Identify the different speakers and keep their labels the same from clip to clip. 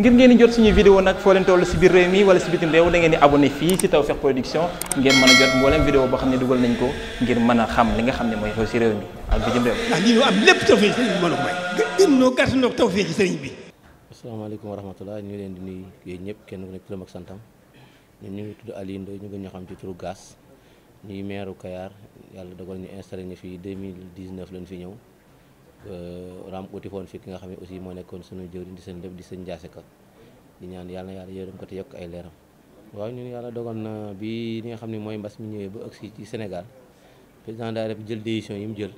Speaker 1: ngir ngeen di jot suñu vidéo nag foo leen toll si biir réew mi wala si bitim réew da ngeen di abonné fii si Tawfekh Production ngeen mën a jot mboolem vidéo boo xam ne dugal nañ ko ngir mën a xam li nga xam ne mooy xew si réew mi ak bitim réew. ndax lii ñu am lépp tawfeex
Speaker 2: sëriñ bi a may. gën noo gàtt noo tawfeex sëriñ bi. asalaamaaleykum wa rahmatulah ñu leen di nuyu yéen ñëpp kenn ku nekk turam ak santam ñu ngi tudd Aliou ñu gën ñoo xam ci turu Gass ñuy meeru Kayar yàlla dogal ñu installé Euh, ram uti foon fi ki nga xam ne aussi moo nekkoon sunu jëwriñ di seen lépp di seen njaase ka di ñaan yàlla na yàlla yërëm ko te yokk ay leeram waaw ñun yàlla dogal na bi li nga xam ne mooy mbas mi ñëwee ba agsi ci Sénégal président daal rek jël décision yi mu jël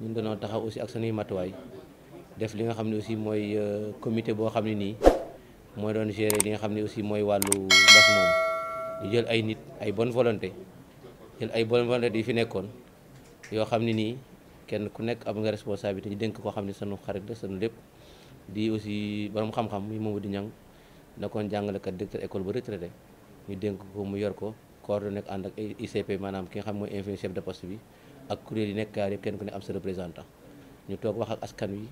Speaker 2: ñun dañoo taxaw aussi ak sunuy matuwaay def li nga xam ne aussi mooy euh, comité boo xam ne nii mooy doon gérer li nga xam ne aussi mooy wàllu mbas moom ñu jël ay nit ay bonne volonté jël ay bonne volonté yi fi nekkoon kenn ku nekk am nga responsabilité ñu dénk koo xam ne sunu xarit la sunu lépp di aussi borom xam-xam muy Mamadou Niang nekkoon jàngalekat directeur école ba retraité ñu dénk ko mu yor ko coordonné nekk ànd ak ICP maanaam ki xam mooy infini chef de poste bi kuréel yi nekk kenn ku ne am sa représentant ñu toog wax ak askan wi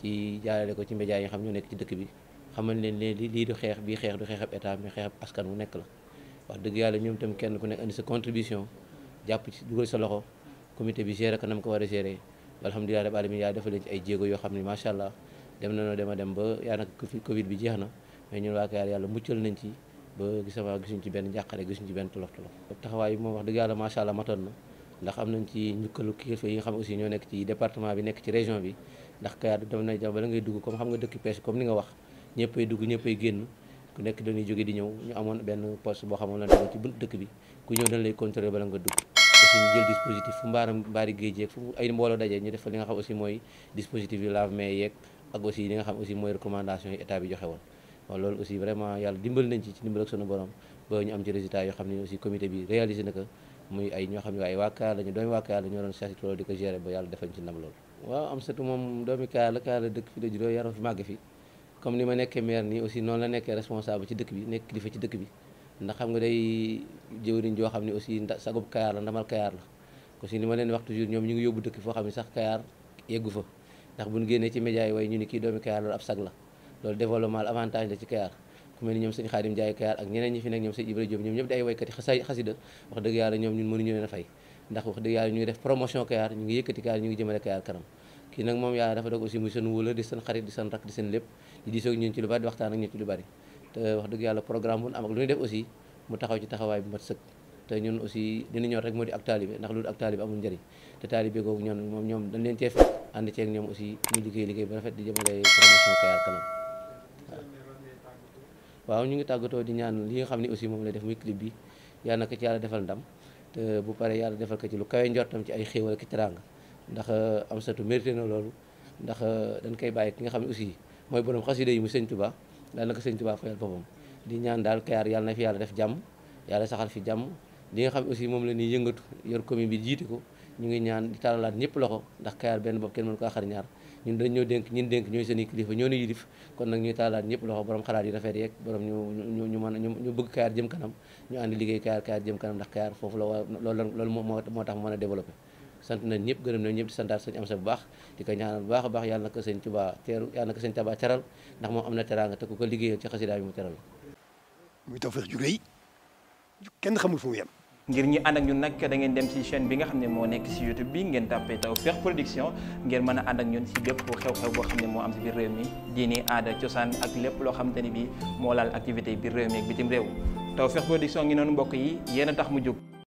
Speaker 2: ci jaarale ko ci médias yi xam ñoo nekk ci dëkk bi xamal leen ne lii du xeex bii xeex du xeexab état mais xeexab askan wu nekk la wax dëgg yàlla ñoom tam kenn ku nekk indi sa contribution jàpp ci dugal sa loxo comité bi géré ko nam war a géré alhamdulilah rabbil leen ci ay jéego yoo xam ne macha allah dem na noo dem a dem ba yaa nag covid bi jeex na mais ñun waa Kayar yàlla muccal nañ ci ba gisama gisuñ ci benn njàqare gisuñ ci benn wax dëgg yàlla macha allah matoon na ñoo nekk ci département bi nekk ci région bi ndax Kayar dem na dugg comme xam nga dëkk pêche comme ni nga wax ñëppay dugg ñëppay génn ku nekk dañuy jóge di ñëw ñu amoon benn poste boo xamoon lan ci bunt dëkk bi ku ñëw dañ lay bala nga dugg aussi ñu jël dispositif fu mbaaram mbaari géej yeeg fu ay mbooloo dajee ñu def fa li nga xam aussi mooy dispositif yu lave-mains yeeg ak aussi li nga xam aussi mooy recommandation yi état bi joxe woon waaw loolu aussi vraiment yàlla dimbal nañ ci ci ak sunu borom ba ñu am ci résultat yoo xam ne aussi comité bi réalisé na muy ay ñoo xam ne waaye waa Kaar lañu doomi waa Kaar la doomi Kaar la la dëkk fi la juddoo yaroo fi fi comme ni ma nekkee ndax xam nga day jëwriñ joo xam ne aussi sagub kayaar la ndamal kayaar la aussi ni ma leen wax toujours ñoom ñu ngi yóbbu dëkk foo xam ne sax kayaar yeggu fa ndax buñ génnee ci média way ñu ni kii doomi kayaar loolu ab sag la loolu développement avantage la ak ñeneen ñi fi a fay ndax wax dëgg yàlla ñu ngi def promotion kayaar ñu ngi yëkkati kayaar ñu ngi jëmale kayaar kanam kii nag moom yàlla dafa dog aussi muy seen wóla di seen xarit di seen rak di seen lépp di diisoo ak ñun ci lu bari di waxtaan te wax dëgg yàlla programme bu ñu am lu ñuy def aussi mu taxaw ci taxawaay bu mat sëkk te ñun aussi dina ñor rek moo di ak taalibe ndax loolu ak taalibe amul njëriñ te taalibe googu ñoom moom ñoom dañ leen cee fekk ànd ceeg ñoom aussi ñu liggéey liggéey ba rafet di waaw ñu ngi tàggatoo di ñaan li nga xam ne aussi moom lay def muy clip bi yàlla na ko ci yàlla defal ndam te bu paree yàlla defal ko ci lu kawe njortam ci ay xéewal ak teraanga ndax euh, am satu mérité na loolu ndax euh, dañ koy bàyyi ki nga xam ne aussi mooy borom xasida yi mu sëñ Tuubaa daal na ko sëñ Tuubaa fayal boppam di ñaan daal Kayaar yàlla na fi yàlla def jàmm yàlla saxal fi jàmm li nga xam aussi moom la ñuy yëngatu yor commune bi jiite ko ñu ngi ñaan di tàllalaat ñëpp loxo ndax Kayaar benn bopp kenn mënu ko xar ñaar ñun dañ ñoo dénk ñun dénk ñooy seeni kilifa ñoo ñu yilif kon nag ñuy tàllalaat ñëpp loxo borom xalaat yi rafet yeeg borom ñu ñu ñu mën ñu bëgg Kayaar jëm kanam ñu àndi liggéey Kayaar Kayaar jëm kanam ndax Kayaar foofu la moo tax mu a développé sant nañ ñëpp gërëm nañ ñëpp di santaat am sa baax di ko ñaanal baax a baax yàlla na ko sëñ Tuubaa teeru yàlla na ko sëñ Tuubaa teral ndax moom am na teraanga te ku ko liggéeyal ci xasida bi mu teral muy tawfeex ju kenn xamul fu mu ngir ñi ànd ak ñun nag da ngeen dem ci chaîne bi nga xam
Speaker 1: ne moo nekk ci YouTube bi ngeen tàppee Tawfekh Production ngeen mën a ànd ak ñun ci lépp xew-xew boo xam ne moo am ci biir réew mi diini aada cosaan ak lépp loo xamante ni bi moo laal activité biir réew mi ak bitim réew mu